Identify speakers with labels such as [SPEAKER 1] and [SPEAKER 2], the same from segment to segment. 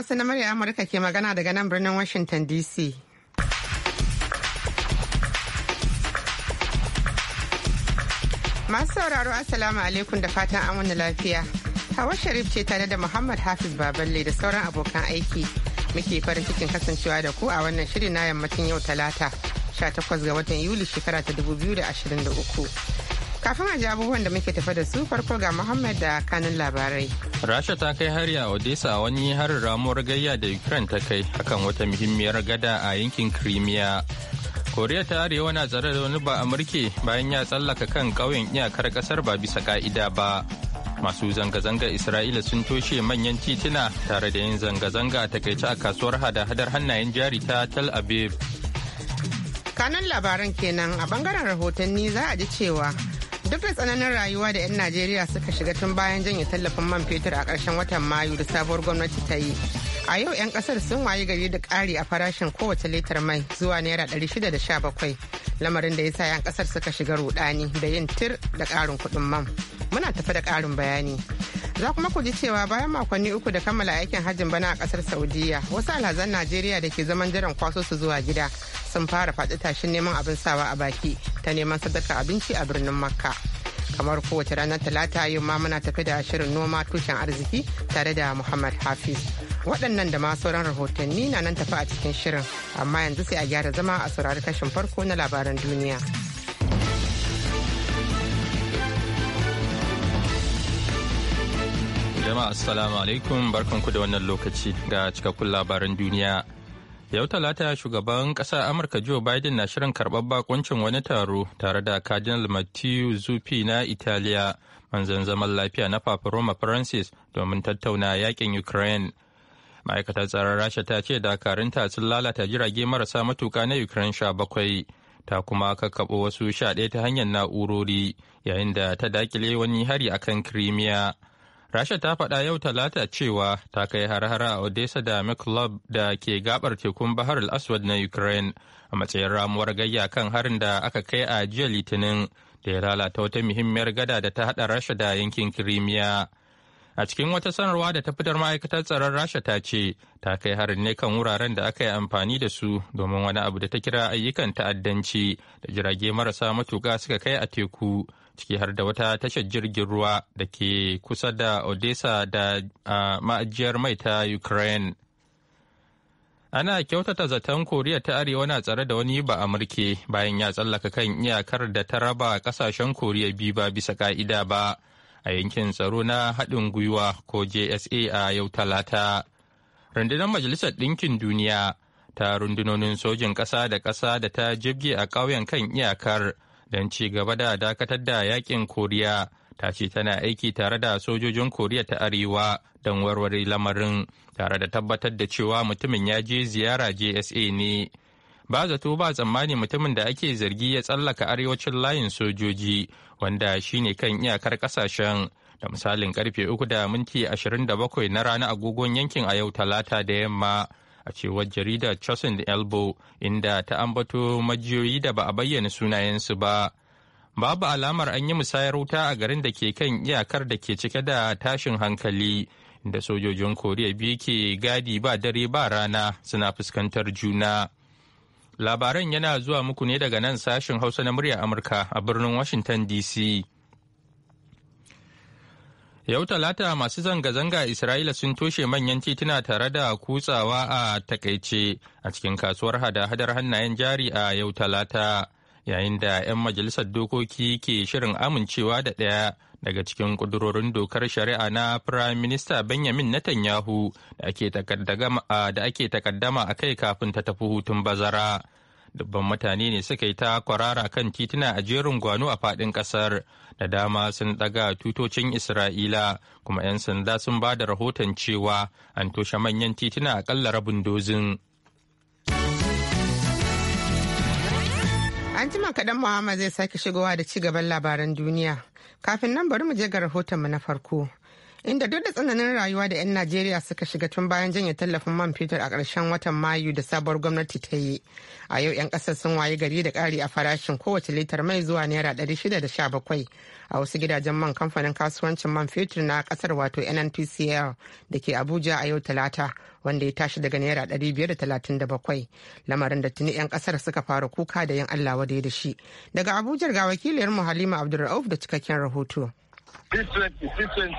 [SPEAKER 1] Hausa na murya Amurka ke magana daga nan birnin Washington DC. Masu sauraro Assalamu alaikum da fatan an wani lafiya. Hawa Sharif ce tare da Muhammad Hafiz Baballe da sauran abokan aiki. Muke farin cikin kasancewa da ku a wannan shiri na yammacin yau Talata 18 ga watan Yuli shekara ta 2023. Kafin a ji abubuwan da muke tafa da su farko ga Muhammad da kanun labarai.
[SPEAKER 2] Rasha ta kai hari a Odessa wani harin ramuwar gayya da Ukraine ta kai akan wata muhimmiyar gada a yankin Crimea. Koriya ta Arewa na tsare da wani ba Amurke bayan ya tsallaka kan ƙauyen iyakar ƙasar ba bisa ka'ida ba. Masu zanga-zanga Isra'ila sun toshe manyan tituna tare da yin zanga-zanga a takaice a kasuwar hada-hadar hannayen jari ta Tel Aviv.
[SPEAKER 1] Kanan labaran kenan a bangaren rahotanni za a ji cewa duk da tsananin rayuwa da 'yan najeriya suka shiga tun bayan janye tallafin man fetur a ƙarshen watan mayu da sabuwar gwamnati ta yi a yau 'yan ƙasar sun wayi gari da ƙari a farashin kowace litar mai zuwa naira ɗari shida da sha bakwai lamarin da ya sa 'yan ƙasar suka shiga rudani da yin tir da ƙarin kuɗin man. muna tafi da karin bayani. Za kuma ku ji cewa bayan makonni uku da kammala aikin hajjin bana a ƙasar Saudiya, wasu alhazan Najeriya da ke zaman jiran kwaso su zuwa gida sun fara faɗi tashin neman abin sawa a baki ta neman sadaka abinci a birnin Makka. Kamar kowace ranar Talata yau ma muna tafi da shirin noma tushen arziki tare da Muhammad Hafiz. Waɗannan da masu sauran rahotanni na nan tafi a cikin shirin, amma yanzu sai a gyara zama a saurari kashin farko na labaran duniya.
[SPEAKER 2] Jama'a Assalamu alaikum barkanku da wannan lokaci ga cikakkun labaran duniya. Yau talata shugaban ƙasa Amurka Joe Biden na shirin karɓar bakuncin wani taro tare da Cardinal matthew Zuppi na Italiya manzan zaman lafiya na Papa Roma Francis domin tattauna yakin Ukraine. Ma'aikatar tsaron Rasha ta ce dakarunta sun lalata jirage marasa matuka na Ukraine sha bakwai. ta kuma kakkaɓo wasu sha ɗaya ta hanyar na'urori yayin da ta dakile wani hari akan Crimea. Rasha ta faɗa yau talata cewa ta kai har-hara a Odessa da Mikulov da ke gabar tekun Bahar al-Aswad na Ukraine a matsayin ramuwar gayya kan harin da aka kai a jiya Litinin da ya lalata wata muhimmiyar gada da ta haɗa Rasha da yankin kirimiya. A cikin wata sanarwa da ta fitar ma'aikatar tsaron Rasha ta ce ta kai harin ne kan wuraren da aka yi amfani da su domin wani abu da ta kira ayyukan ta'addanci da jirage marasa matuƙa suka kai a teku. ciki har da wata tashar jirgin ruwa da ke kusa da odessa da ma'ajiyar mai ta ukraine ana kyautata zaton koriya ta arewa na tsare da wani ba amurke bayan ya tsallaka kan iyakar da ta raba kasashen koriya biyu ba bisa ka'ida ba a yankin tsaro na haɗin gwiwa ko jsa a yau talata rundunar majalisar ɗinkin duniya ta rundunonin sojin ƙasa da ƙasa da ta jibge a ƙauyen kan iyakar don ci gaba da dakatar da yakin koriya ta ce tana aiki tare da sojojin koriya ta arewa don warware lamarin tare da tabbatar da cewa mutumin ya je ziyara jsa ne ba zato ba tsammani mutumin da ake zargi ya tsallaka arewacin layin sojoji wanda shine kan iyakar kasashen da misalin karfe 3 da minti 27 na rana agogon yankin a yau talata da yamma a cewar jaridar Chosin Elbow inda ta ambato majiyoyi da ba a bayyana sunayensu ba. Babu alamar an yi musayar wuta a garin da ke kan iyakar da ke cike da tashin hankali, da sojojin Koriya biyu ke gadi ba dare ba rana suna fuskantar juna. Labaran yana zuwa muku ne daga nan sashin Hausa na murya Amurka a birnin Washington DC. Yau Talata masu zanga-zanga Isra'ila sun toshe manyan tituna tare da kutsawa a takaice a cikin kasuwar hada-hadar hannayen jari a yau Talata, yayin da 'yan majalisar dokoki ke shirin amincewa da ɗaya daga cikin ƙudurorin dokar shari'a na Firayim Minista Benjamin Netanyahu da ake takaddama a kai kafin ta tafi hutun bazara. dubban mutane ne suka yi ta kwarara kan tituna a jerin gwano a fadin kasar da dama sun daga tutocin isra'ila kuma 'yan sanda sun ba da rahoton cewa an toshe manyan tituna aƙalla rabin dozin
[SPEAKER 1] an jima kaɗan muhammad zai sake shigowa da ci gaban labaran duniya kafin nan bari mu je ga rahotonmu na farko inda duk da tsananin rayuwa da 'yan najeriya suka shiga tun bayan janye tallafin man fetur a ƙarshen watan mayu da sabuwar gwamnati ta yi a yau 'yan ƙasar sun wayi gari da ƙari a farashin kowace litar mai zuwa naira da 617 a wasu gidajen man kamfanin kasuwancin man fetur na ƙasar wato nnpcl da ke abuja a yau talata wanda ya tashi daga naira 537 lamarin da tuni 'yan ƙasar suka fara kuka da yin allah wadai da shi daga abuja ga wakiliyar halima abdulrauf da cikakken rahoto
[SPEAKER 3] 620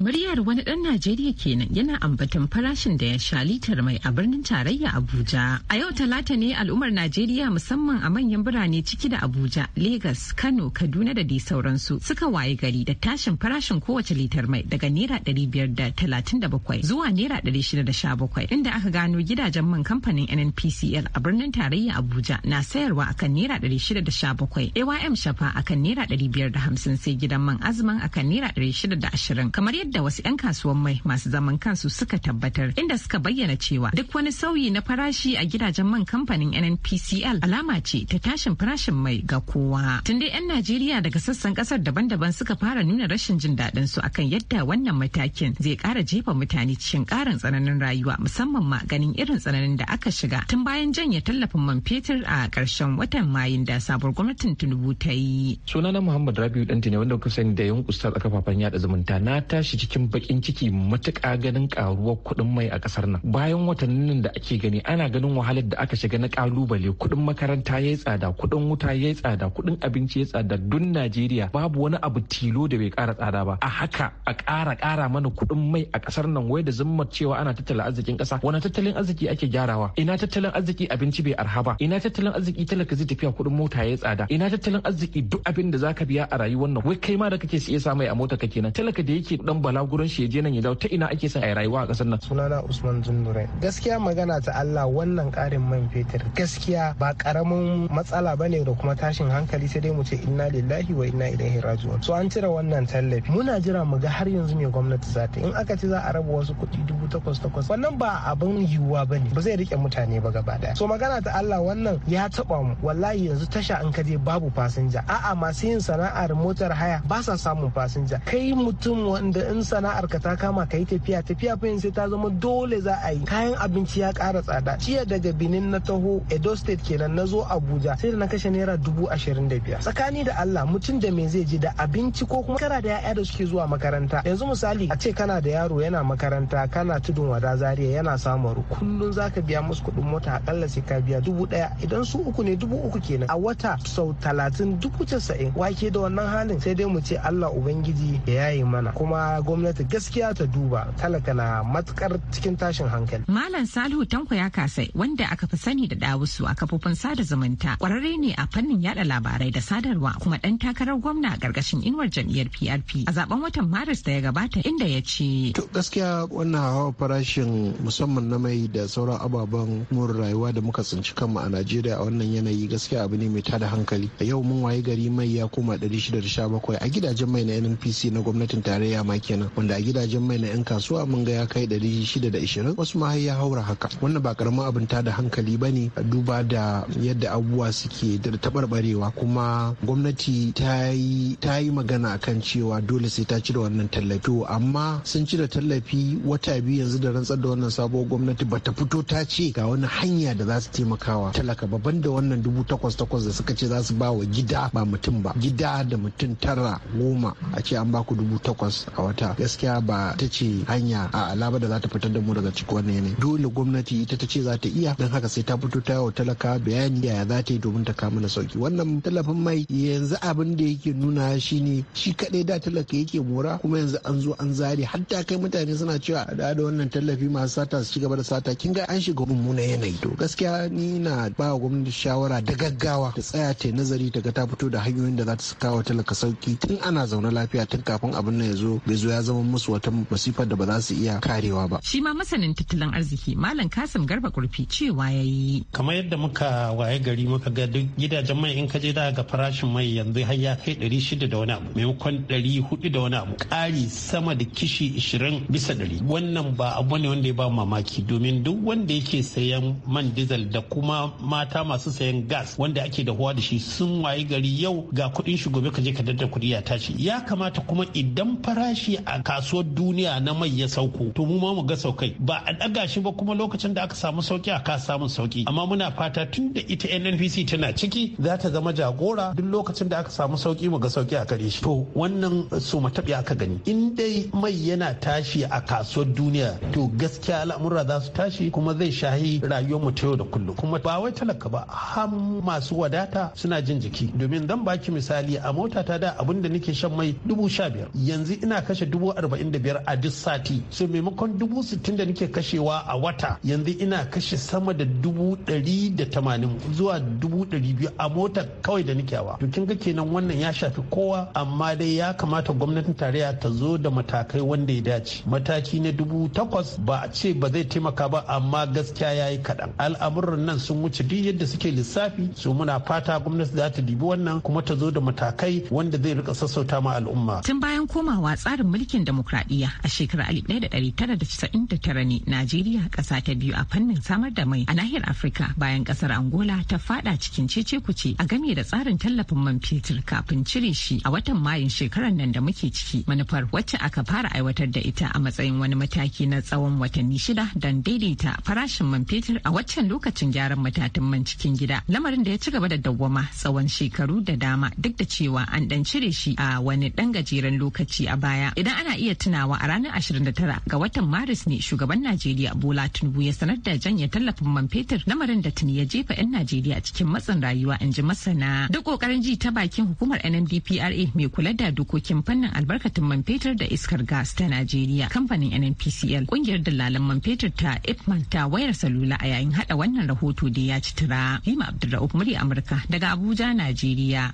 [SPEAKER 4] Muryar wani ɗan Najeriya kenan yana ambatan farashin da ya sha litar mai a birnin tarayya Abuja. A yau talata ne al'ummar Najeriya musamman a manyan birane ciki da Abuja, Legas, Kano, Kaduna da dai sauransu suka waye gari da tashin farashin kowace litar mai daga naira ɗari biyar da talatin da bakwai zuwa naira ɗari shida da sha bakwai inda aka gano gidajen man kamfanin NNPCL a birnin tarayya Abuja na sayarwa akan naira ɗari shida da sha bakwai AYM Shafa akan naira ɗari biyar da hamsin sai gidan man azumin akan naira ɗari shida da ashirin kamar yadda wasu 'yan kasuwan mai masu zaman kansu suka tabbatar inda suka bayyana cewa duk wani sauyi na farashi a gidajen man kamfanin NNPCL alama ce ta tashin farashin mai ga kowa. Tun dai 'yan Najeriya daga sassan kasar daban-daban suka fara nuna rashin jin daɗin su akan yadda wannan matakin zai ƙara jefa mutane cikin ƙarin tsananin rayuwa musamman ma ganin irin tsananin da aka shiga tun bayan janye tallafin man fetur a ƙarshen watan Mayun da sabuwar gwamnatin Tinubu ta yi. Sunana Muhammad
[SPEAKER 5] Rabiu Danti ne wanda kuka sani da yankusa a kafafen yada zumunta na tashi cikin bakin ciki matuƙa ganin karuwar kuɗin mai a ƙasar nan. Bayan watannin da ake gani ana ganin wahalar da aka shiga na ƙalubale kuɗin makaranta ya yi tsada kuɗin wuta ya yi tsada kuɗin abinci ya yi tsada dun Najeriya babu wani abu tilo da bai ƙara tsada ba. A haka a ƙara ƙara mana kuɗin mai a ƙasar nan wai da zimmar cewa ana tattalin arzikin ƙasa wani tattalin arziki ake gyarawa ina tattalin arziki abinci bai arha ba ina tattalin arziki talaka zai tafiya kuɗin mota ya tsada tsada ina tattalin arziki duk abin da zaka biya a rayuwar nan wai kai ma da kake siya samai a mota kake nan talaka da yake dan bala gurin shi je nan ya dawo ta ina ake son a rayuwa a kasar nan sunana Usman Zundurai
[SPEAKER 6] gaskiya magana ta Allah wannan karin man fetur gaskiya ba karamin matsala bane da kuma tashin hankali sai dai mu ce inna lillahi wa inna ilaihi raji'un so an cire wannan tallafi muna jira mu ga har yanzu me gwamnati za ta in aka ce za a raba wasu kuɗi dubu takwas takwas wannan ba abin yiwuwa ne. ba zai rike mutane ba gaba daya so magana ta Allah wannan ya taba mu wallahi yanzu tasha an ka gidaje babu fasinja a'a masu yin sana'ar motar haya ba sa samun fasinja kai mutum wanda in sana'ar ka ta kama ka yi tafiya tafiya fa sai ta zama dole za a yi kayan abinci ya ƙara tsada jiya daga benin na taho edo state kenan na zo abuja sai da na kashe naira dubu ashirin da biyar tsakani da allah mutum da me zai ji da abinci ko kuma kana da ya'ya da suke zuwa makaranta yanzu misali a ce kana da yaro yana makaranta kana tudun wada zariya yana samaru kullum zaka biya musu kuɗin mota akalla sai ka biya dubu ɗaya idan su uku ne dubu uku kenan a wata sau talatin duk casa'in wake da wannan halin sai dai mu ce allah ubangiji ya yaye mana kuma gwamnati gaskiya ta duba talaka na matukar cikin tashin hankali
[SPEAKER 4] malam salihu tanko ya kasai wanda aka fi sani da dawusu a kafofin sada zumunta kwararre ne a fannin yada labarai da sadarwa kuma dan takarar gwamna a gargashin inuwar jam'iyyar prp a zaben watan maris da ya gabata inda ya ce to gaskiya
[SPEAKER 5] wannan hawa farashin musamman na mai da sauran ababen more rayuwa da muka tsinci kanmu a najeriya a wannan yanayi gaskiya abu ne mai tada hankali hankali yau mun waye gari mai ya koma 617 a gidajen mai na npc na gwamnatin tarayya ma kenan wanda a gidajen mai na 'yan kasuwa mun ga ya kai 620 wasu ma ya haura haka wannan ba karamin abin ta da hankali ba ne duba da yadda abubuwa suke da taɓarɓarewa kuma gwamnati ta yi magana akan cewa dole sai ta cire wannan tallafi amma sun cire tallafi wata biyu yanzu da rantsar da wannan sabuwar gwamnati bata fito ta ce ga wani hanya da za su taimakawa talaka babban da wannan dubu takwas takwas da suka ce ce za su ba wa gida ba mutum ba gida da mutum tara goma a ce an ba ku dubu takwas a wata gaskiya ba ta ce hanya a alaba da za ta fitar da mu daga cikin wannan yanayi dole gwamnati ita ta ce za ta iya don haka sai ta fito ta wa talaka bayani yaya za ta yi domin ta kama na sauki wannan tallafin mai yanzu abin da yake nuna shi ne shi kadai da talaka yake mora kuma yanzu an zo an zare hatta kai mutane suna cewa da da wannan tallafi masu sata su ci gaba da sata kin ga an shiga mummunan yanayi to gaskiya ni na ba gwamnati shawara da gaggawa ta tsaya ce nazari nazari daga ta fito da hanyoyin da za ta kawo talaka sauki tun ana zaune lafiya tun kafin abin nan ya zo bai zo ya zama musu wata masifa da ba za su iya
[SPEAKER 4] karewa ba. Shi ma masanin tattalin arziki Malam Kasim Garba Kurfi cewa ya yi. Kamar yadda
[SPEAKER 7] muka waye gari muka ga duk gidajen mai in ka je daga ga farashin mai yanzu har ya kai ɗari shida da wani abu maimakon ɗari hudu da wani abu ƙari sama da kishi ishirin bisa ɗari. Wannan ba abu ne wanda ya ba mamaki domin duk wanda yake sayan man dizal da kuma mata masu sayan gas wanda ake da huwa da shi sun wayi gari yau ga kuɗin shi gobe ka je ka dadda kuɗi ya tashi ya kamata kuma idan farashi a kasuwar duniya na mai ya sauko to mu ma mu ga saukai ba a daga shi ba kuma lokacin da aka samu sauki a ka samu sauki amma muna fata tun da ita NNPC tana ciki za ta zama jagora duk lokacin da aka samu sauki mu ga sauki a kare shi to wannan su matabi aka gani in dai mai yana tashi a kasuwar duniya to gaskiya al'amura za su tashi kuma zai shahi rayuwar mu ta yau da kullum kuma ba wai talaka ba har masu wadata suna jin jiki domin dan baki misali a mota ta da abin da nake shan mai dubu sha biyar yanzu ina kashe dubu arba'in da biyar a duk sati so maimakon dubu sittin da nake kashewa a wata yanzu ina kashe sama da dubu dari da tamanin zuwa dubu dari biyu a mota kawai da nake hawa to kin ga kenan wannan ya shafi kowa amma dai ya kamata gwamnatin tarayya ta zo da matakai wanda ya dace mataki na dubu takwas ba a ce ba zai taimaka ba amma gaskiya ya yi kaɗan al'amuran nan sun wuce duk yadda suke lissafi su muna fata gwamnati za ta dibi wannan kuma ta zo da matakai wanda zai rika sassauta ma al'umma. Tun
[SPEAKER 4] bayan komawa tsarin mulkin demokradiyya a shekarar 1999 ne Najeriya ƙasa ta biyu a fannin samar da mai a nahiyar Afirka bayan ƙasar Angola ta fada cikin cece kuce a game da tsarin tallafin man fetur kafin cire shi a watan Mayun shekarar nan da muke ciki manufar wacce aka fara aiwatar da ita a matsayin wani mataki na tsawon watanni shida don daidaita farashin man fetur a waccan lokacin gyaran matatan man cikin gida lamarin da ya ci gaba da dawwama girma tsawon shekaru da dama duk da cewa an dan cire shi a wani dan gajeren lokaci a baya. Idan ana iya tunawa a ranar 29 ga watan Maris ne shugaban Najeriya Bola Tinubu ya sanar da janye tallafin man fetur lamarin da tuni ya jefa 'yan Najeriya cikin matsin rayuwa in ji masana. Duk kokarin ji ta bakin hukumar NNPPRA mai kula da dokokin fannin albarkatun man fetur da iskar gas ta Najeriya kamfanin NNPCL kungiyar dalalan man fetur ta Ipman ta wayar salula a yayin hada wannan rahoto da ya ci tura. Lima Abdulrahman murya Amurka daga daga Abuja, Najeriya.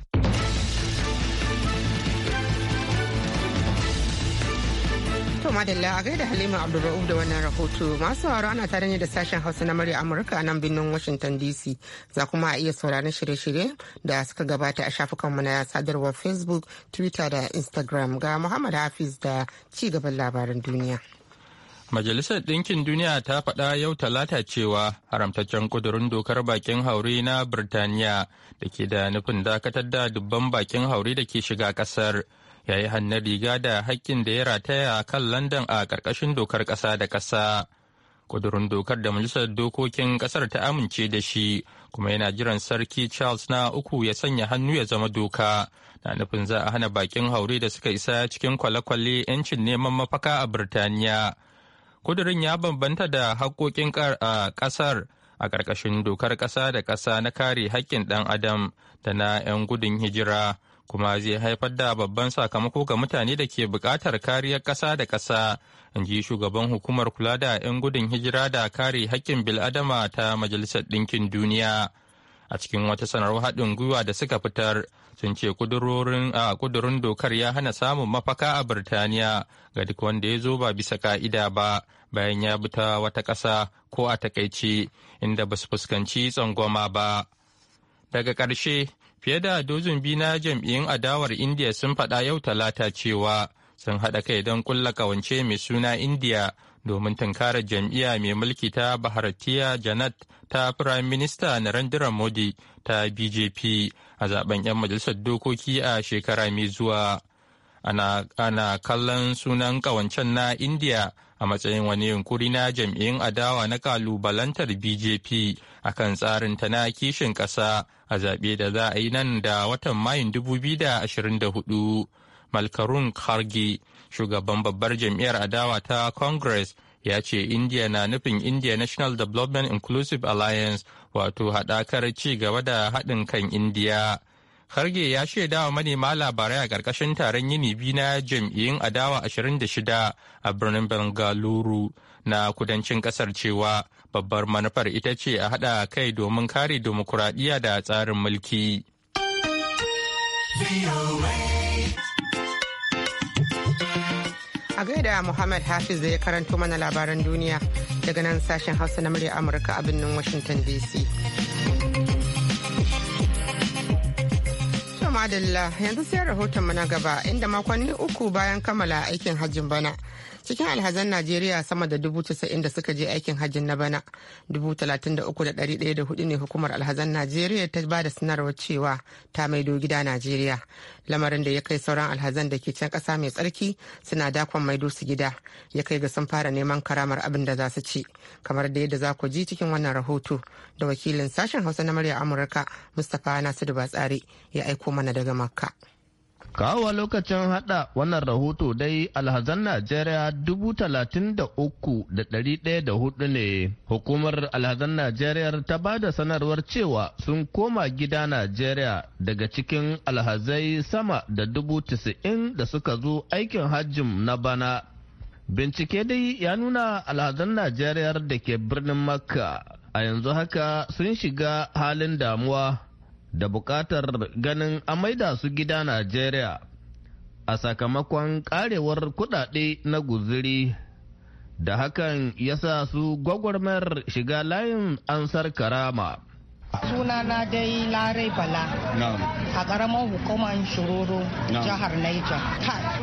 [SPEAKER 4] To madalla a gaida Halima Abdulra'uf
[SPEAKER 1] da wannan rahoto masu sauraro ana tare ne da sashen Hausa na murya Amurka a nan birnin Washington DC za kuma a iya sauraron shirye-shirye da suka gabata a shafukanmu na sadarwar Facebook, Twitter da Instagram ga Muhammad Hafiz da ci gaban labaran duniya.
[SPEAKER 2] Majalisar Ɗinkin Duniya ta faɗa yau talata cewa haramtaccen ƙudurin dokar bakin haure na Birtaniya da ke da nufin dakatar da dubban bakin haure da ke shiga ƙasar ya yi hannun riga da haƙƙin da ya rataya kan London a ƙarƙashin dokar ƙasa da ƙasa. Ƙudurin dokar da Majalisar Dokokin ƙasar ta amince da shi kuma yana jiran Sarki Charles na uku ya sanya hannu ya zama doka. Na nufin za a hana bakin haure da suka isa cikin kwale-kwale 'yancin neman mafaka a Birtaniya. kudurin ya bambanta da haƙoƙin ƙasar a ƙarƙashin dokar ƙasa da ƙasa na kare haƙƙin ɗan adam da na 'yan gudun hijira kuma zai haifar da babban sakamako ga mutane da ke buƙatar kariyar ƙasa da ƙasa in ji shugaban hukumar kula da 'yan gudun hijira da kare haƙƙin bil'adama ta majalisar ɗinkin duniya a cikin wata sanarwar haɗin gwiwa da suka fitar sun ce kudurin dokar ya hana samun mafaka a Birtaniya ga duk wanda ya zo ba bisa ka'ida ba bayan ya bi ta wata ƙasa ko a takaice inda ba su fuskanci tsangwama ba. Daga ƙarshe, fiye da dozin biyu na jam'iyyun adawar india sun faɗa yau talata cewa sun haɗa kai don ƙulla ƙawance mai suna india. domin tunkara jam'iyya mai mulki ta baharatiya Janat ta Prime Minister Narendra Modi ta BJP a zaben 'yan majalisar dokoki a shekara mai zuwa. Ana, ana kallon sunan kawancen na India a matsayin wani yunkuri na jam'iyyun adawa na kalubalantar BJP a kan tsarin ta na kishin ƙasa a zaɓe da za a yi nan da watan Mayun 2024. malkarun khargi shugaban babbar jam'iyyar adawa ta congress ya ce india na nufin india national development inclusive alliance wato haɗakar ci gaba da haɗin kan india kharge ya shaida wa manema labarai a ƙarƙashin taron yini biyu na jam'iyyun adawa 26 a birnin bangaluru na kudancin ƙasar cewa babbar manufar ita ce a haɗa kai domin kare dimokuraɗiyya da tsarin mulki.
[SPEAKER 1] a gaida Muhammad Hafiz da ya karanto mana labaran duniya daga nan sashen Hausa na murya Amurka a birnin Washington DC. madalla yanzu sai rahoton na gaba inda makonni uku bayan kammala aikin hajjin bana cikin alhazan najeriya sama da dubu casa'in da suka je aikin hajjin na bana dubu talatin da uku da ɗari ɗaya da hudu ne hukumar alhazan najeriya ta ba da sanarwar cewa ta maido gida najeriya lamarin da ya kai sauran alhazan da ke can kasa mai tsarki suna dakon maido su gida ya kai ga sun fara neman karamar abin da za su ci kamar da yadda za ku ji cikin wannan rahoto da wakilin sashen hausa na murya amurka mustapha nasiru batsari ya aiko mana daga makka.
[SPEAKER 3] Kawo lokacin hada wannan rahoto dai alhazan najeriya dubu talatin da uku da dari ɗaya da hudu ne hukumar alhazan najeriya ta ba da sanarwar cewa sun koma gida najeriya daga cikin alhazai sama da dubu tisa'in da suka zo aikin hajjim na bana bincike dai ya nuna alhazan najeriya da ke birnin makka a yanzu haka sun shiga halin damuwa da buƙatar ganin a maida su gida Najeriya a sakamakon ƙarewar kuɗaɗe na guziri da hakan ya sa su gwagwarmar shiga layin ansar karama.
[SPEAKER 8] Sunana dai Larai Bala a karamar hukumar Shiroro jihar ta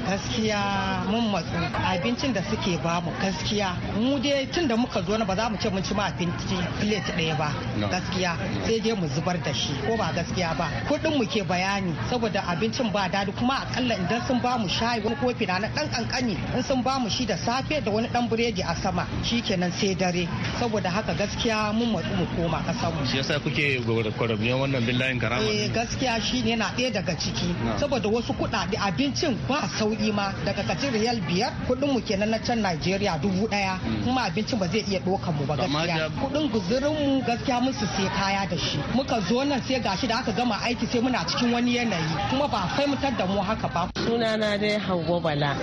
[SPEAKER 8] gaskiya mun matsu abincin da suke ba mu gaskiya mu dai tun da muka zo na ba za mu ce mun ci ma abinci plate ɗaya ba gaskiya sai dai mu zubar da shi ko ba gaskiya ba kuɗin mu ke bayani saboda abincin ba dadi kuma akalla idan sun ba mu shayi wani kofi na dan kankani in sun ba mu shi da safe da wani dan biredi a sama shikenan sai dare saboda haka gaskiya mun matsu mu koma ƙasar
[SPEAKER 3] mu suke kwarabniyar wannan billahin karama eh
[SPEAKER 8] gaskiya shi ne na ɗaya daga ciki saboda wasu kuɗaɗe abincin ba sauƙi ma daga kacin riyal biyar kuɗin mu kenan na can Najeriya dubu ɗaya hmm. kuma abincin ba zai iya ɗaukar mu ba gaskiya kuɗin guzurin mu gaskiya mun su sai kaya da shi muka zo nan sai gashi da aka gama aiki sai muna cikin wani yanayi kuma ba mutar da mu haka ba sunana dai hango Bala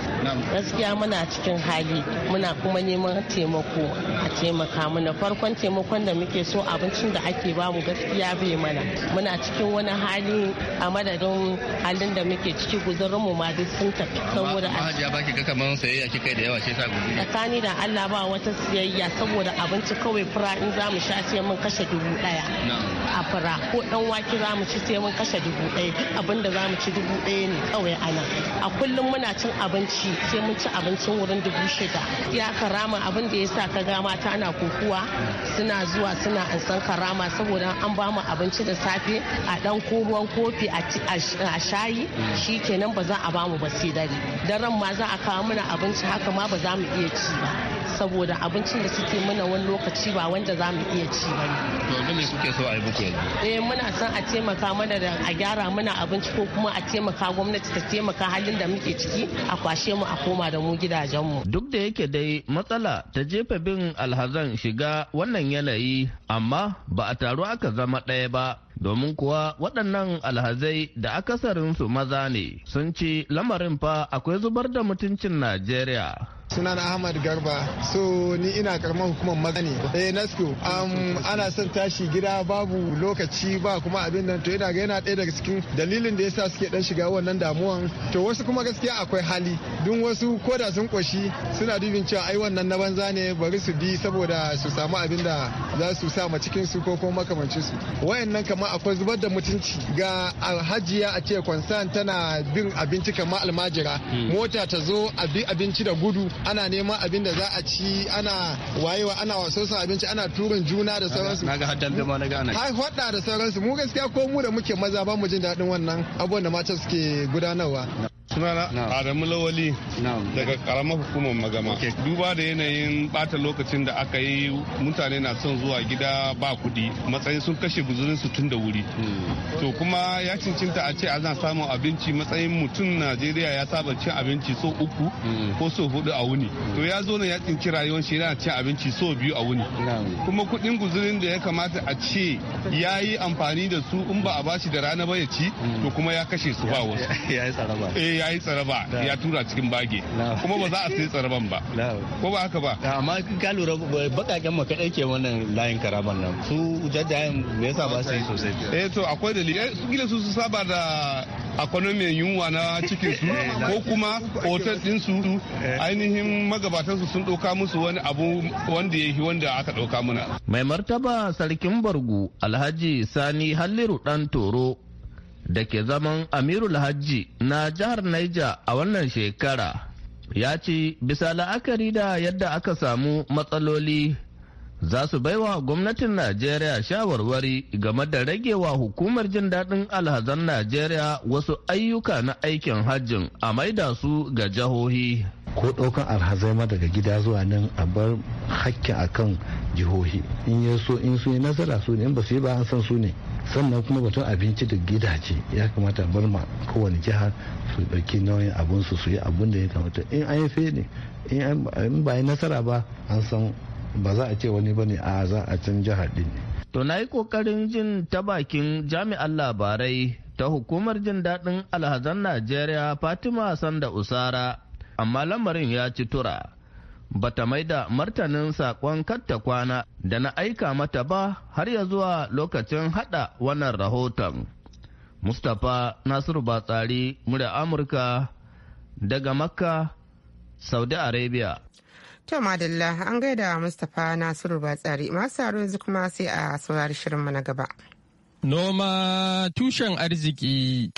[SPEAKER 8] gaskiya muna cikin hali muna kuma neman taimako a taimaka mana farkon taimakon da muke so abincin da ake bamu gaskiya bai mana muna cikin wani hali a madadin halin da muke ciki guzurin mu ma duk sun tafi saboda a
[SPEAKER 3] hajiya baki ga kaman sayayya kika da yawa ce sa gudu
[SPEAKER 8] tsakani da Allah ba wata sayayya saboda abinci kawai fura in za mu sha sai mun kashe dubu daya a fura ko dan wake za mu ci sai mun kashe dubu daya abinda da za mu ci dubu daya ne kawai ana a kullum muna cin abinci sai mun ci abincin wurin dubu shida ya karama abin da ya sa ka ga mata ana kokuwa suna zuwa suna ansan karama saboda an ba mu abinci da safe a dan ko ruwan kofi a shayi mm. shi kenan ba za a ba mu ba sai dare daren ma za a kawo mana abinci haka ma ba za mu iya ci ba saboda abincin da suke mana wani lokaci ba wanda za mu iya ci ba
[SPEAKER 3] yanzu me suke so a yi muku yanzu
[SPEAKER 8] eh muna son a taimaka mana da a gyara mana abinci ko kuma a taimaka gwamnati ta taimaka halin da muke ciki a kwashe mu a koma da mu gidajen mu. duk da yake dai matsala ta
[SPEAKER 3] jefa bin alhazan shiga wannan yanayi amma ba a taru aka zama ɗaya ba domin kuwa waɗannan alhazai da akasarinsu maza ne sun ci lamarin fa akwai zubar da mutuncin najeriya
[SPEAKER 5] sunan ahmad garba so ni ina karamar hukumar magani eh nasco ana son tashi gida babu lokaci ba kuma abin nan to ina ga yana ɗaya daga cikin dalilin da yasa suke dan shiga wannan damuwan to wasu kuma gaskiya akwai hali dun wasu ko da sun koshi suna dubin cewa ai wannan na banza ne bari su bi saboda su samu abin da za su sa ma cikin su ko kuma makamancin su wayannan kamar akwai zubar da mutunci ga hajiya a ce kwansan tana bin abinci kamar almajira hmm. mota ta zo a bi abinci da gudu ana neman abin da za a ci ana wayewa ana wasan abinci ana turin juna da sauransu naga haddan da ma naga ana har hoda da sauransu mu gaskiya ko mu da muke maza ba mu jin daɗin wannan abubuwan da mata suke gudanarwa
[SPEAKER 3] sunana adamu lawali daga karamar hukumar magama duba da yanayin bata lokacin da aka yi mutane na son zuwa gida ba kudi matsayin sun kashe guzurin su tun da wuri hmm. to kuma ya cincinta a ce ana samun abinci matsayin mutum najeriya ya saba cin abinci so uku hmm. ko so hudu a wuni hmm. to ya zo ne ya tsinci rayuwar shi yana cin abinci so biyu a wuni kuma kudin guzurin da ya kamata a ce ya yi amfani da su in ba a bashi da rana ba ya ci to kuma ya kashe su ba wasu yayi ya yi tsaraba ya tura cikin bage kuma ba za a sai tsaraban ba ko ba haka ba amma ka lura bakaken maka ke wannan layin karaban nan su jajayen me yasa ba su yi sosai eh to akwai dalili eh, su su su saba da akwanomin yunwa na cikin su eh, ko kuma hotel din su eh. ainihin magabatansu sun ɗauka musu wani abu wanda ya wanda aka ɗauka muna mai martaba sarkin bargu alhaji sani halliru dan toro da ke zaman amirul hajji na jihar Niger a wannan shekara ya ce bisa la'akari da yadda aka samu matsaloli za su baiwa gwamnatin najeriya shawarwari game da ragewa hukumar jin daɗin alhazan najeriya wasu ayyuka na aikin hajjin a maida su ga jihohi
[SPEAKER 5] ko ɗaukan alhazai ma daga gida zuwa nan a bar hakkin akan jihohi in yi so in su yi nasara su ne in ba su yi ba an san su ne sannan kuma batun abinci da gidaje ya kamata bar ma kowane jiha su ɗauki nauyin abun su su yi abun da ya kamata in an yi ne in ba yi nasara ba an san ba za a ce wani ba ne a za a can jihar ɗin ne.
[SPEAKER 3] to na yi kokarin jin ta bakin jami'an labarai ta hukumar jin daɗin alhazan najeriya fatima sanda usara amma lamarin ya ci tura Ba ta bata da martanin saƙon katta kwana da na aika mata ba har ya zuwa lokacin hada wannan rahoton. Mustapha Nasiru Batsari murya Amurka daga Makka, Saudi Arabia.
[SPEAKER 1] To madalla an gaida Mustapha Nasiru Batsari masu yanzu kuma sai a saurari shirinmu na gaba.
[SPEAKER 2] Noma tushen arziki.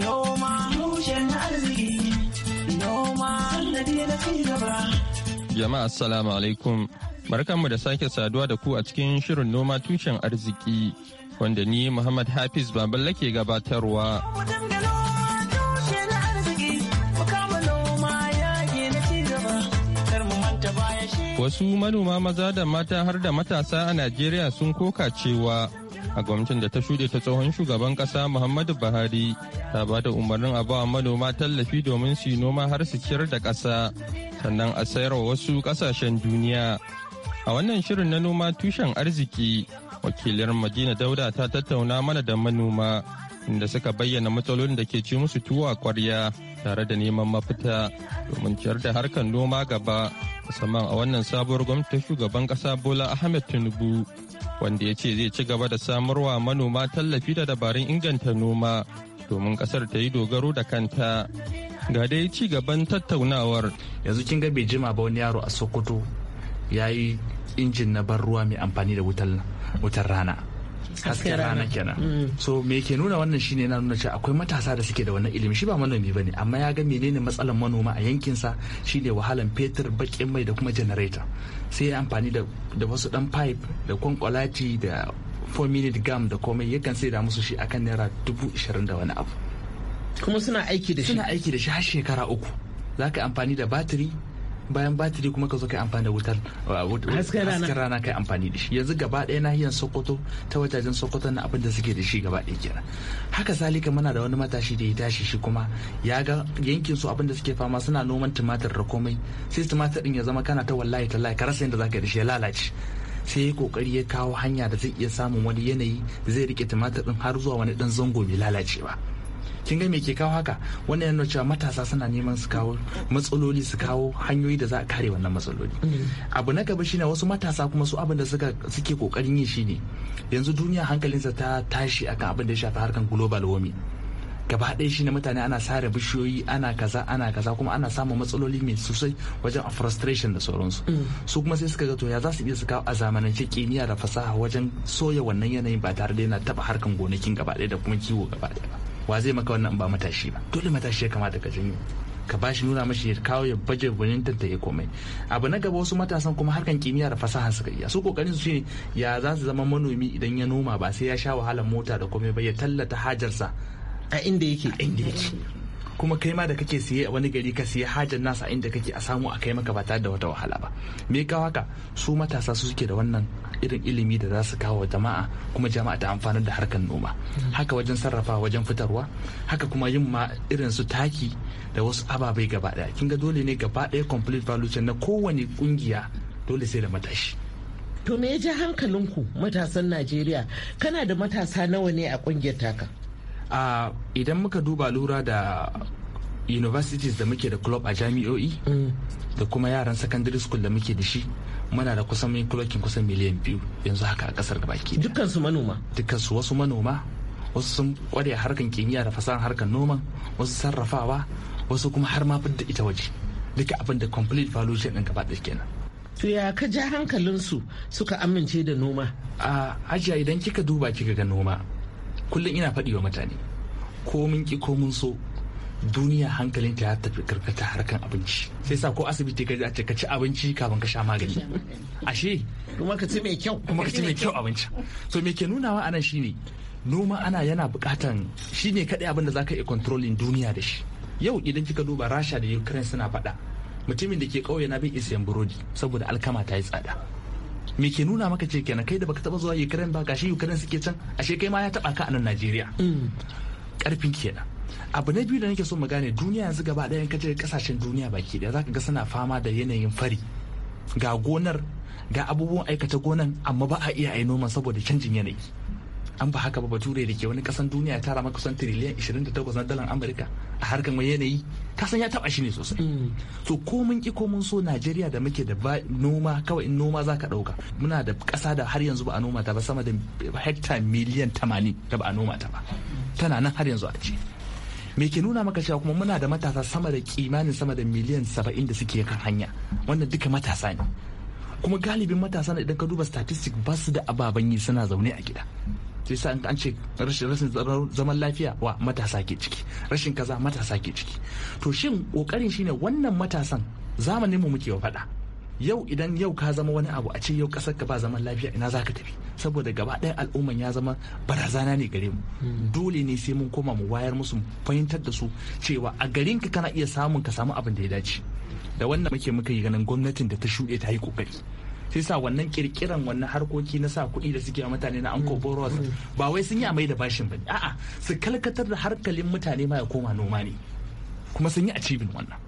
[SPEAKER 5] Noma tushen arziki.
[SPEAKER 2] Jama'a assalamu alaikum. Barkanmu da sake saduwa da ku a cikin shirin noma tushen arziki wanda ni Muhammad Hafiz Baballe ke gabatarwa. Wasu manoma maza da mata har da matasa a Najeriya sun koka cewa a gwamnatin da ta shuɗe ta tsohon shugaban ƙasa muhammadu buhari ta ba da umarnin a ba manoma tallafi domin su noma har su ciyar da ƙasa sannan a sayar wa wasu ƙasashen duniya a wannan shirin na noma tushen arziki wakilin madina dauda ta tattauna mana da manoma inda suka bayyana matsalolin da ke ci musu tuwa kwarya tare da neman mafita domin ciyar da harkar noma gaba musamman a wannan sabuwar gwamnati shugaban ƙasa bola ahmed tinubu wanda ya ce zai ci gaba da samarwa manoma tallafi da dabarun inganta noma domin kasar ta yi dogaro da kanta ga dai ci gaban tattaunawar yanzu kin ga bai jima ba wani
[SPEAKER 9] yaro a sokoto ya yi injin na ban ruwa mai amfani da wutar rana
[SPEAKER 7] hasken rana kenan mm.
[SPEAKER 9] so me ke nuna wannan shine yana nuna cewa akwai matasa da suke da wannan ilimi shi ba manomi bane amma ya ga menene matsalan manoma a yankin sa shine wahalan fetur bakin mai da kuma generator sai ya amfani da wasu dan pipe da kwankwalati da 4 minute gam da komai yakan sai da musu shi akan naira dubu ishirin da wani abu kuma suna aiki da shi suna aiki da shi har shekara uku za ka amfani da batiri bayan batiri kuma ka zo kai amfani da wutar hasken rana kai amfani da shi yanzu gaba ɗaya nahiyar sokoto ta wajajen sokoto na abin da suke da shi gaba ɗaya kenan haka salika muna da wani matashi da ya tashi shi kuma ya ga yankin su abin da suke fama suna noman tumatir da komai sai tumatir din ya zama kana ta wallahi tallahi ka rasa yadda zaka da shi ya lalace sai ya kokari ya kawo hanya da zai iya samun wani yanayi zai rike tumatir din har zuwa wani dan zango mai lalacewa. ba kin ga me ke kawo haka wannan yana cewa matasa suna neman su kawo matsaloli su kawo hanyoyi da za a kare wannan matsaloli mm. abu na gaba shine wasu matasa kuma su abin da suka suke kokarin yi shine yanzu duniya hankalinsa ta tashi akan abin da ya shafi harkan global warming gaba ɗaya shine mutane ana sare bishiyoyi ana kaza ana kaza kuma ana samun matsaloli mai sosai wajen frustration da sauransu mm. su kuma sai suka ga to ya za su iya su kawo a zamanance kimiyya da fasaha wajen soya wannan yanayin ba tare da yana taba harkan gonakin gaba ɗaya da kuma kiwo gaba ɗaya ba wa zai maka wannan ba matashi ba dole matashi ya kamata ka janyo ka ba shi nuna mashi ya kawo ya baje gwanin ya komai abu na gaba wasu matasan kuma harkan kimiyya da fasaha suka iya su kokarin su shine ya za su zama manomi idan ya noma ba sai ya sha wahalar mota da komai ba ya tallata hajarsa a inda yake a inda yake kuma kai ma da kake siye a wani gari ka siye hajar nasa inda kake a samu a kai maka ba tare da wata wahala ba me ka haka su matasa su suke da wannan irin ilimi da za su kawo jama'a kuma jama'a ta amfana da harkar noma haka wajen sarrafa wajen fitarwa haka kuma yin ma irin su taki da wasu ababai gaba daya kin ga dole ne gaba daya complete value na kowane kungiya dole sai da matashi
[SPEAKER 6] to me ya ja hankalinku matasan najeriya kana da matasa nawa ne a kungiyar taka
[SPEAKER 9] idan muka duba lura da universities da muke da club a jami'o'i mm. da kuma yaran secondary school da muke da shi muna da kusan mai kulokin kusan miliyan biyu yanzu haka a kasar gabaki dukkan su manoma dukkan su wasu manoma wasu sun kware harkan kimiyya da fasahar harkan noman wasu sarrafawa wasu kuma har ma fidda ita waje duka abin da complete value chain din gaba kenan to ya ka ja hankalinsu suka amince da noma a ajiya idan kika duba kika ga noma kullum ina faɗi wa mutane ko mun ki ko mun so duniya ta ya tafi karkata harkan abinci sai sa ko asibiti ka ce ka ci abinci kafin ka sha magani ashe kuma ka ci mai kyau kuma ka ci mai kyau abinci so me ke nunawa anan shine noma ana yana bukatan shine kadai abin da zaka yi controlling duniya da shi yau idan kika duba rasha da ukraine suna faɗa mutumin da ke kauye na bin yan burodi saboda alkama ta yi tsada me ke nuna maka ce kenan kai da baka taba zuwa Ukraine ba gashi Ukraine suke can ashe kai ma ya taba ka a nan Najeriya mm. karfin kenan abu na biyu da nake so mu gane duniya yanzu gaba ɗaya kaje kasashen duniya baki ɗaya zaka ga suna fama da yanayin fari ga gonar ga abubuwan aikata gonan amma ba a iya ai noman saboda canjin yanayi an ba haka ba bature da ke wani kasan duniya tara maka kusan tiriliyan 28 na dalar amurka a harkar mai yanayi kasan ya taba shi ne sosai mm. so ko mun ki ko mun so najeriya da muke da noma kawai in noma za ka dauka muna da kasa da har yanzu ba a noma ta ba sama da hekta miliyan 80 da ba a noma ta ba tana nan har yanzu a ce me ke nuna maka cewa kuma muna da matasa sama da kimanin sama da miliyan 70 da suke kan hanya wannan duka matasa ne kuma galibin matasa na idan ka duba statistic ba su da ababen yi suna zaune a gida sai sa an ce rashin zaman lafiya wa matasa ke ciki rashin kaza matasa ke ciki to shin kokarin shine wannan matasan zamanin mu muke faɗa yau idan yau ka zama wani abu a ce yau kasar ka ba zaman lafiya ina za ka tafi saboda gaba ɗaya al'umman ya zama barazana ne gare mu hmm. dole ne sai mun koma mu wayar musu fahimtar da su cewa a garin ka kana iya samun ka samu abin da ya dace da wannan muke muka yi ganin gwamnatin da ta shuɗe ta yi kokari sai sa wannan kirkiran wannan harkoki na sa kuɗi da suke mutane na anko mm. boros mm. ba wai sun yi amai da bashin ba a'a su kalkatar da harkalin mutane ma ya koma noma ne kuma sun yi cibin wannan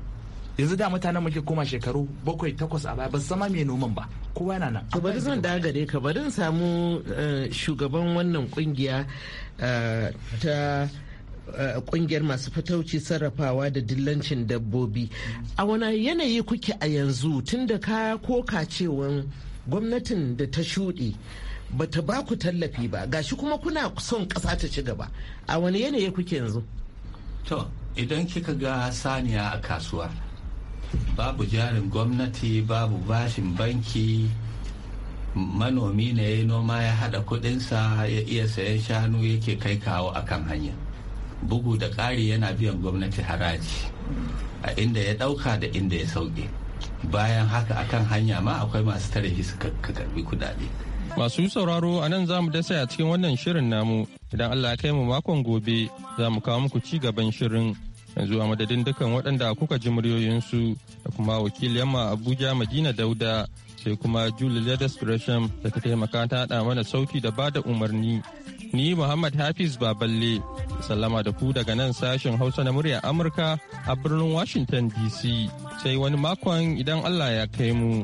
[SPEAKER 9] yanzu da mutanen muke koma shekaru bakwai takwas a baya ba zama mai noman ba kowa yana nan. bari zan dagare ka bari samu eh,
[SPEAKER 6] shugaban wannan kungiya eh, ta Eh, kungiyar masu fitauci sarrafawa da dillancin dabbobi a wani yanayi kuke a yanzu tun da ka koka cewan gwamnatin da ta shuɗe ba ta ba ku tallafi ba ga shi kuma kuna son ƙasa ta ci gaba a wani yanayi kuke yanzu
[SPEAKER 3] to idan kika ga saniya a kasuwa babu jarin gwamnati babu bashin banki manomi ne ya noma ya hada kudinsa ya iya sayan shanu yake kai kawo kan hanya bugu da ƙari yana biyan
[SPEAKER 2] gwamnati haraji a inda ya ɗauka da inda ya sauke bayan haka akan hanya ma akwai masu tare suka karbi kudade masu sauraro a nan za mu dasa a cikin wannan shirin namu idan allah ya kai mu makon gobe za mu kawo muku ci gaban shirin yanzu a madadin dukkan waɗanda kuka ji muryoyinsu da kuma wakil yamma abuja madina dauda sai kuma julie ledes gresham da ta taimaka ta haɗa mana sauti da bada umarni Ni Muhammad Hafiz Baballe, sallama da ku daga nan sashen Hausa na muryar Amurka a birnin Washington DC. Sai wani makon idan Allah ya kai
[SPEAKER 1] mu.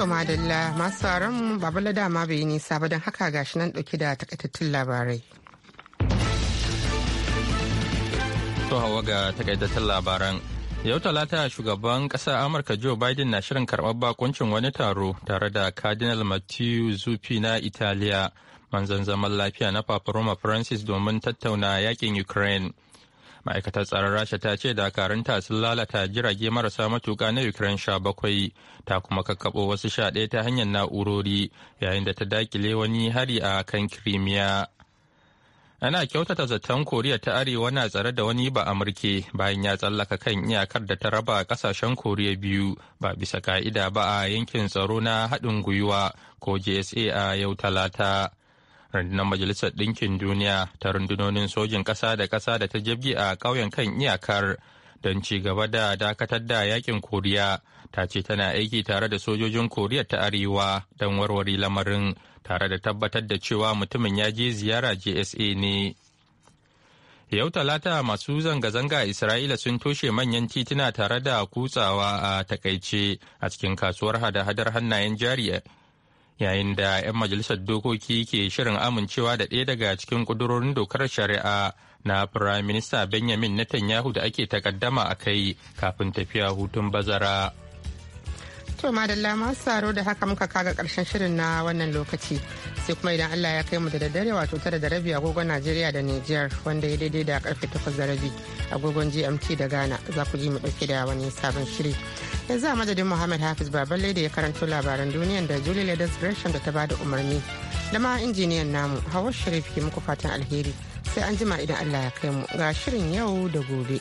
[SPEAKER 1] da madalla masu tsaron babala dama bai yi nisa ba don haka gashi nan dauke da takaitattun labarai.
[SPEAKER 2] To hawa ga takaitattun labaran Yau talata shugaban ƙasar Amurka Joe Biden na shirin karɓar bakuncin wani taro tare da Cardinal matthew Zuppi na Italiya, manzan zaman lafiya na Papa Roma Francis domin tattauna yakin Ukraine. Ma'aikatar tsaron Rasha ta ce dakarunta sun lalata jirage marasa matuƙa na Ukraine sha bakwai, ta kuma kakkaɓo wasu sha ɗaya ta hanyar na'urori yayin da ta dakile wani hari a kan Crimea. ana kyautata zaton koriya ta arewa na tsare da wani ba amurke bayan ya tsallaka kan iyakar da ta raba kasashen koriya biyu ba bisa ka'ida ba a yankin tsaro na haɗin gwiwa ko jsa a yau talata rundunar majalisar ɗinkin duniya ta rundunonin sojin ƙasa da ƙasa da ta jabge a ƙauyen kan iyakar don ci gaba da dakatar da yakin koriya ta ce tana aiki tare da sojojin koriya ta arewa don warware lamarin tare da tabbatar da cewa mutumin ya je ziyara jsa ne yau talata masu zanga-zanga isra'ila sun toshe manyan tituna tare da kutsawa a takaice a cikin kasuwar hada-hadar hannayen jari yayin da 'yan majalisar dokoki ke shirin amincewa da ɗaya daga cikin ƙudurorin dokar shari'a na Firayim Minista Benjamin Netanyahu da ake takaddama a kai kafin tafiya hutun bazara.
[SPEAKER 1] To madalla lama saro da haka muka kaga karshen shirin na wannan lokaci sai kuma idan Allah ya kai mu da daddare wato tara da rabi agogon Najeriya da Nijar wanda ya daidai da karfe takwas da rabi agogon GMT da Ghana za ku ji mu dauke da wani sabon shiri. Yanzu a madadin Muhammad Hafiz Baballe da ya karanto labaran duniya da Julie ladas Gresham da ta bada umarni. Da injiniyan namu Hawa Sharif ke muku fatan alheri sai an jima idan Allah ya kai mu ga shirin yau da gobe.